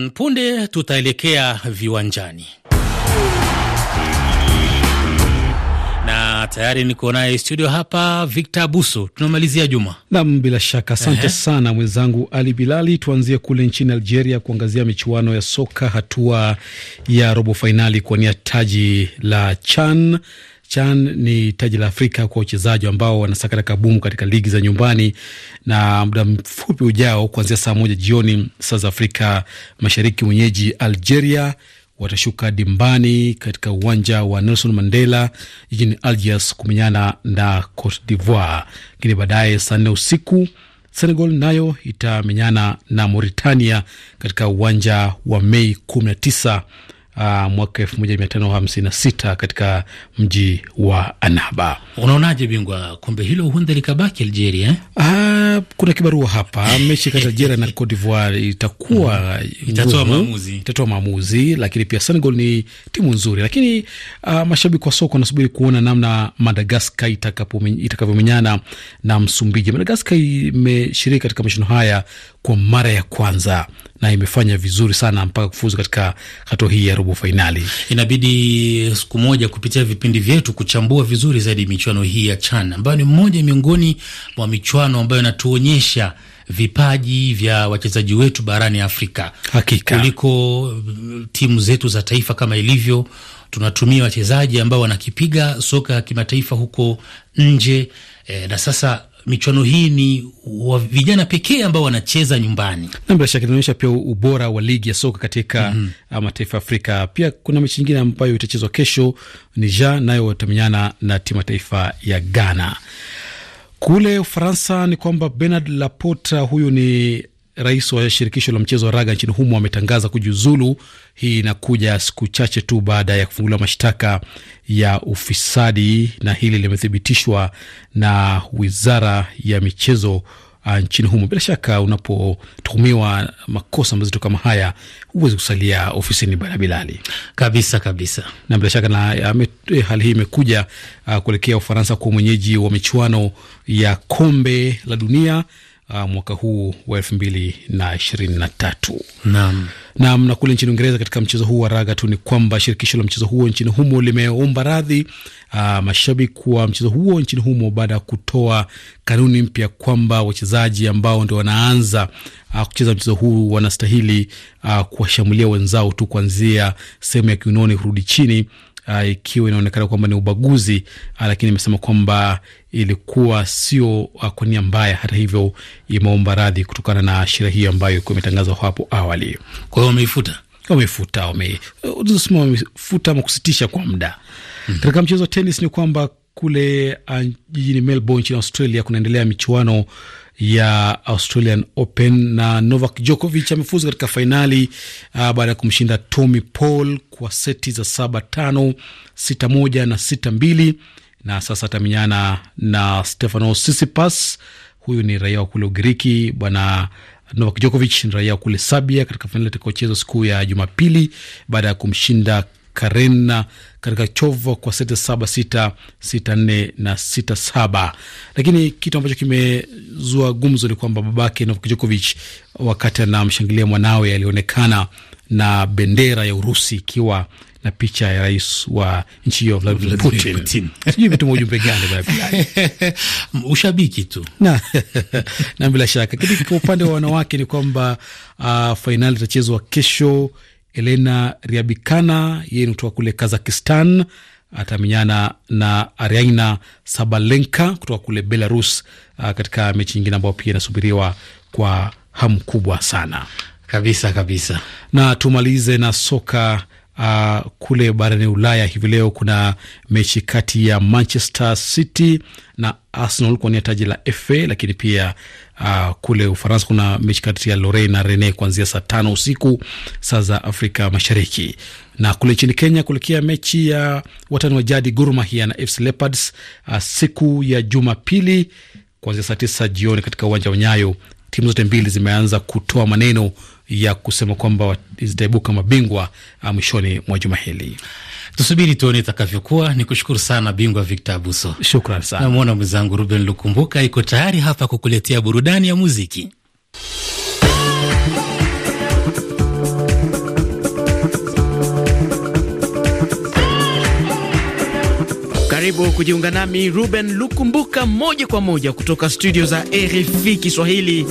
mpunde tutaelekea viwanjani na tayari niko naye studio hapa Victor Abuso. Tunamalizia Juma nam, bila shaka asante sana mwenzangu Ali Bilali. Tuanzie kule nchini Algeria kuangazia michuano ya soka hatua ya robo fainali kuwania taji la CHAN CHAN ni taji la Afrika kwa wachezaji ambao wanasakata kabumu katika ligi za nyumbani, na muda mfupi ujao, kuanzia saa moja jioni saa za Afrika Mashariki, mwenyeji Algeria watashuka dimbani katika uwanja wa Nelson Mandela jijini Algiers kumenyana na Cote d'Ivoire. Lakini baadaye saa nne usiku Senegal nayo itamenyana na Mauritania katika uwanja wa Mei 19 uh, mwaka sita katika mji wa Anaba. Unaonaje bingwa, kombe hilo huenda likabaki Algeria eh? Uh, kuna kibarua hapa mechi kati Algeria na Cote d'Ivoire itakuwa mhm. itatoa maamuzi, itatoa maamuzi, lakini pia Senegal ni timu nzuri, lakini uh, mashabiki wa soka wanasubiri kuona namna Madagaskar itakavyomenyana na Msumbiji. Madagaskar imeshiriki katika mashindano haya kwa mara ya kwanza na imefanya vizuri sana mpaka kufuzu katika hatua hii ya robo fainali. Inabidi siku moja kupitia vipindi vyetu kuchambua vizuri zaidi michuano hii ya CHAN ambayo ni mmoja miongoni mwa michuano ambayo inatuonyesha vipaji vya wachezaji wetu barani Afrika. Hakika, kuliko mm, timu zetu za taifa kama ilivyo, tunatumia wachezaji ambao wanakipiga soka ya kimataifa huko nje e, na sasa michuano hii ni wa vijana pekee ambao wanacheza nyumbani, na bila shaka inaonyesha pia ubora wa ligi ya soka katika mm -hmm. mataifa ya Afrika. Pia kuna mechi nyingine ambayo itachezwa kesho, Niger nayo watamenyana na timu ya taifa ya Ghana. Kule Ufaransa ni kwamba Bernard Laporta, huyu ni rais wa shirikisho la mchezo wa raga nchini humo ametangaza kujiuzulu. Hii inakuja siku chache tu baada ya kufunguliwa mashtaka ya ufisadi, na hili limethibitishwa na wizara ya michezo uh, nchini humo. Bila shaka unapotuhumiwa makosa mazito kama haya huwezi kusalia ofisini bana Bilali, kabisa kabisa. Na bila shaka na uh, eh, hali hii imekuja uh, kuelekea Ufaransa kwa mwenyeji wa michuano ya kombe la dunia uh, mwaka huu wa elfu mbili na ishirini na tatu. Naam, naam. Na kule nchini Uingereza katika mchezo huu wa raga tu ni kwamba shirikisho la mchezo huo nchini humo limeomba radhi uh, mashabiki wa mchezo huo nchini humo baada ya kutoa kanuni mpya kwamba wachezaji ambao ndio wanaanza uh, kucheza mchezo huu wanastahili uh, kuwashambulia wenzao tu kuanzia sehemu ya kiunoni kurudi chini uh, ikiwa inaonekana kwamba ni ubaguzi uh, lakini imesema kwamba ilikuwa sio uh, kwa nia mbaya. Hata hivyo, imeomba radhi kutokana na sheria hiyo ambayo ilikuwa imetangazwa hapo awali. Kwa hiyo wameifuta wamefuta wamesema wamefuta ama kusitisha kwa muda. mm-hmm. Katika mchezo wa tenis ni kwamba kule uh, jijini Melbourne nchini Australia kunaendelea michuano ya Australian Open, na Novak Djokovic amefuzu katika fainali uh, baada ya kumshinda Tommy Paul kwa seti za saba tano sita moja na sita mbili na sasa atamenyana na Stefano Sisipas. Huyu ni raia wa kule Ugiriki. Bwana Novak Djokovic ni raia wa kule Serbia, katika fainali itakaochezwa siku ya Jumapili baada ya kumshinda Karena katika chovo kwa seti saba sita sita nne na sita saba. Lakini kitu ambacho kimezua gumzo ni kwamba babake Novak Djokovic wakati anamshangilia mwanawe alionekana na bendera ya Urusi ikiwa na picha ya rais wa nchi hiyo Vladimir Putin. Sijui imetuma ujumbe gani? Ushabiki tu na, na bila shaka. Lakini kwa upande wa wanawake ni kwamba uh, ah, fainali itachezwa kesho Elena Riabikana, yeye ni kutoka kule Kazakistan, atamenyana na Ariaina Sabalenka kutoka kule Belarus uh, katika mechi nyingine ambayo pia inasubiriwa kwa hamu kubwa sana kabisa kabisa. Na tumalize na soka Uh, kule barani Ulaya hivi leo kuna mechi kati ya Manchester City na Arsenal kuwania taji la FA, lakini pia uh, kule Ufaransa kuna mechi kati ya Lorraine na Rennes kuanzia saa tano usiku saa za Afrika Mashariki. Na kule nchini Kenya kulikia mechi ya watani wa jadi Gor Mahia na FC Leopards uh, siku ya Jumapili kuanzia saa tisa jioni katika uwanja wa Nyayo timu zote mbili zimeanza kutoa maneno ya kusema kwamba zitaibuka mabingwa ah, mwishoni mwa juma hili. Tusubiri tuone itakavyokuwa. Ni kushukuru sana bingwa Victor Abuso, shukran sana. Namwona mwenzangu Ruben Lukumbuka iko tayari hapa kukuletea burudani ya muziki. Karibu kujiunga nami Ruben Lukumbuka moja kwa moja kutoka studio za RFI Kiswahili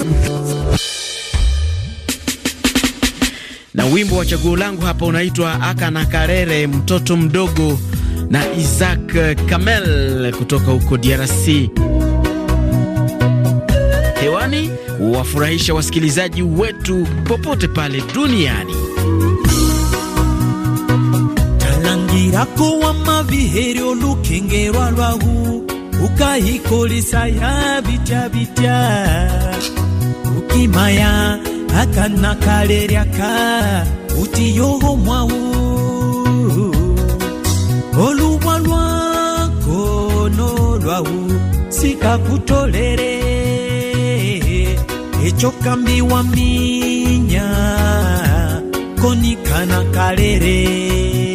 na wimbo wa chaguo langu hapa unaitwa Akana Karere, mtoto mdogo na Isaac Kamel kutoka huko DRC. Hewani wafurahisha wasikilizaji wetu popote pale duniani. kuwa biheryo olukengerwa lwahu ukahikolisa ya bityabitya ukimaya akana kaleryaka uti yoho mwawu oluwa lwako lwahu sikakutolere echo kambiwa minya konikana kalere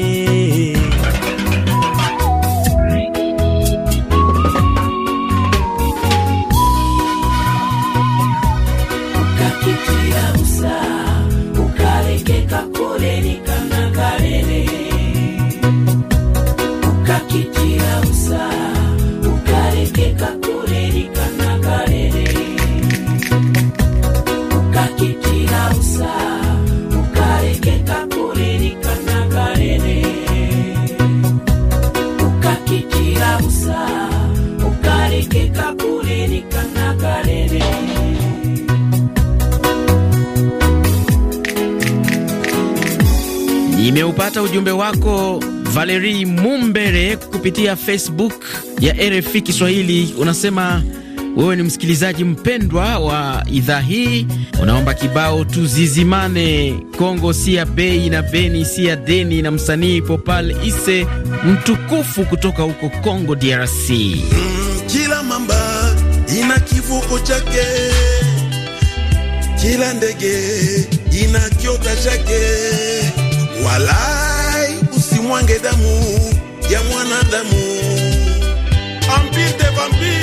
Nimeupata ujumbe wako Valerie Mumbere kupitia Facebook ya RFI Kiswahili. Unasema wewe ni msikilizaji mpendwa wa idhaa hii, unaomba kibao tuzizimane, Kongo si ya bei na Beni si ya deni, na msanii Popal Ise mtukufu kutoka huko Kongo DRC chombo chake, kila ndege ina kiota chake. Walai, usimwange damu ya mwanadamu, vampire vampire,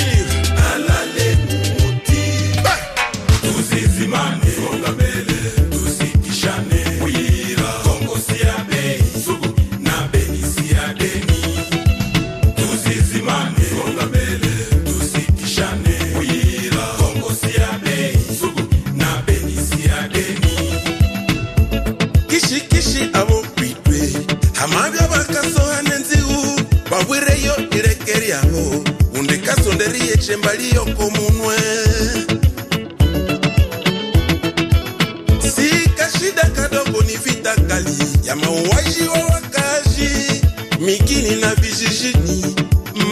ya mauaji wa wakazi mikini na vijijini,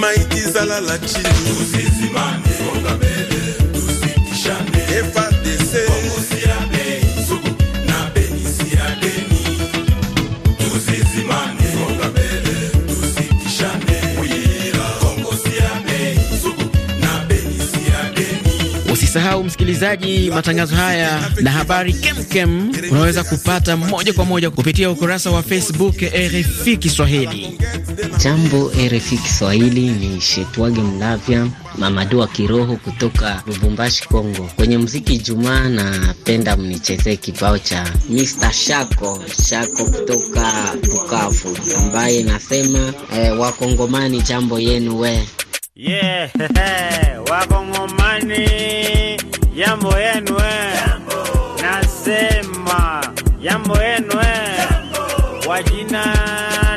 maiti zalala chini. Tusisimame. Usisahau msikilizaji, matangazo haya na habari kemkem unaweza kupata moja kwa moja kupitia ukurasa wa Facebook RFI Kiswahili. Jambo RFI Kiswahili, ni Shetwage Mlavya Mamadu wa kiroho kutoka Lubumbashi, Kongo. Kwenye mziki Jumaa, napenda mnichezee kibao cha Mr. Shako Shako kutoka Bukavu, ambaye nasema eh, Wakongomani, jambo yenu we yeah, Wakongomani yambo yenu eh. nasema yambo yenu eh. kwa jina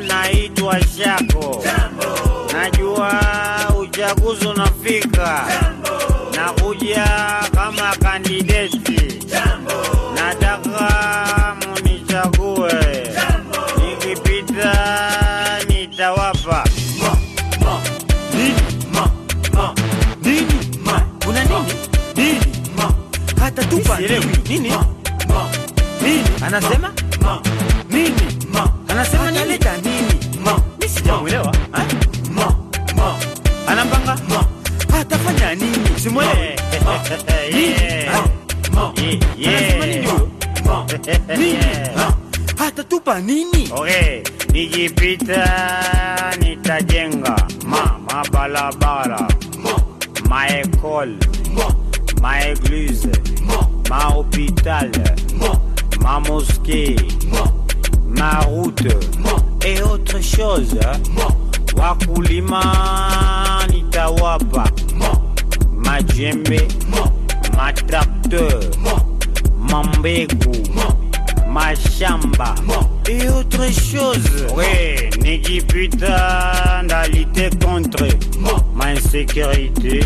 naitwa Shako jambo. najua uchaguzi unafika na kuja kama kandideti sielewi nini nini anasema nini anasema naleta nini mi sijamwelewa anampanga atafanya nini simwelewe anasema nini Nijipita nitajenga ma mabalabara ma, ma ma ma hôpital, ma mosquée, ma route et autre chose. Wakulima nitawapa Ma matrakteur, Ma mashamba et autre chose. Oui, nikipita ndalite contre ma insécurité,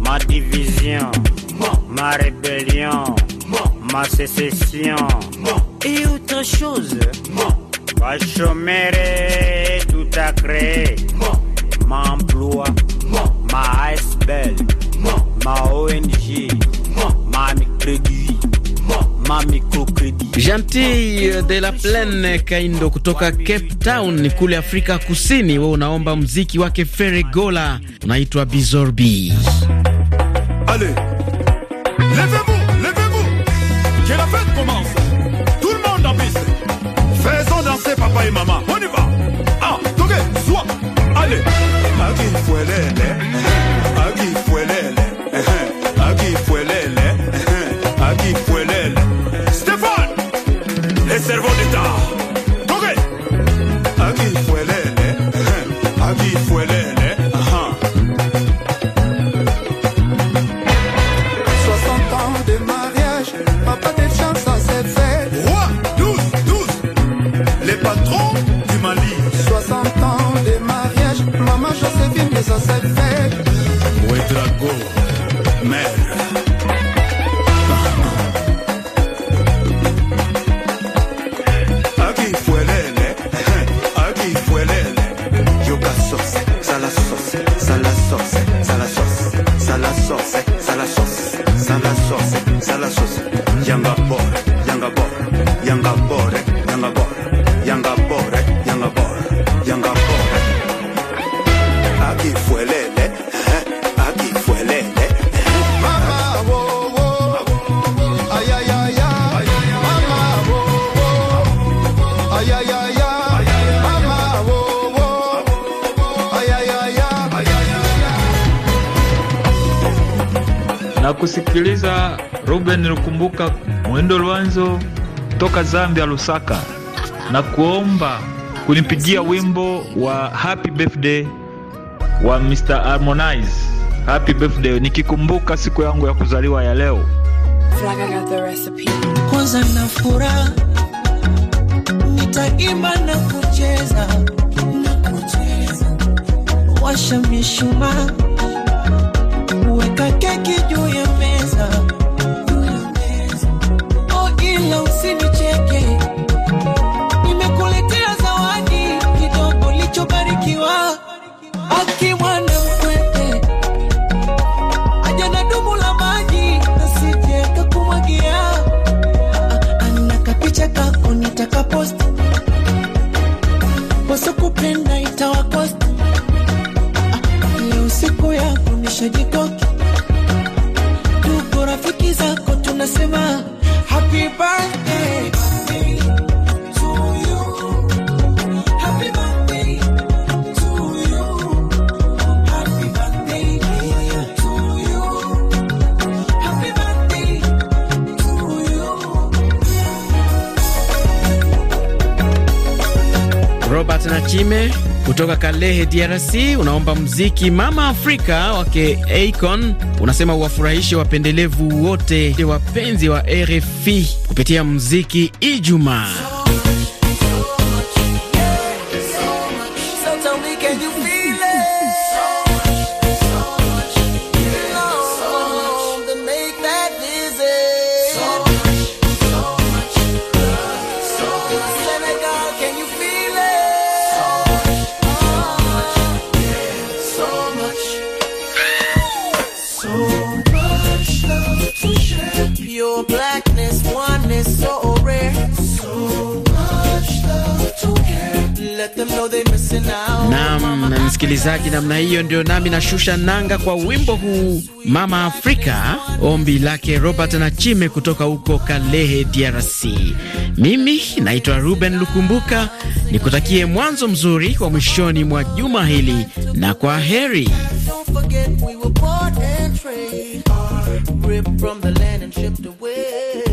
ma division ma rébellion, ma sécession et autre chose. est tout a créé, emploi, ma ASBL, ma ONG, ma microcrédit. Gentil euh, de la Plaine Kaindo kutoka Cape Town kule Afrika Kusini, omba unaomba mziki wake Ferregola unaitwa Bizorbi. Allez Levez-vous, levez-vous, que la fête commence. Tout le monde en piste. Faisons danser papa et maman. On y va. Ah, toqué, sois, allez. Agi fuelele, agi fuelele, agi fuelele, agi fuelele. Stéphane, les cerveaux d'État. na kusikiliza Ruben Lukumbuka Mwendo Lwanzo toka Zambia, Lusaka, na kuomba kunipigia wimbo wa Happy Birthday wa Mr. Harmonize. Happy birthday, nikikumbuka siku yangu ya kuzaliwa ya leo. Kwanza na furaha nitaimba na kucheza, na kucheza, washa mishumaa Weka keki juu ya meza, oh, ila usinicheke, nimekuletea zawadi kidogo lichobarikiwa akimwana Robert Chime kutoka Kalehe, DRC, unaomba mziki Mama Afrika wake Akon. Unasema uwafurahishe wapendelevu wote wapenzi wa RFI kupitia mziki Ijumaa. nam msikilizaji, namna hiyo ndio nami nashusha nanga kwa wimbo huu Mama Afrika, ombi lake Robert na chime kutoka huko Kalehe, DRC. Mimi naitwa Ruben Lukumbuka, nikutakie mwanzo mzuri wa mwishoni mwa juma hili, na kwa heri. Don't forget we were born and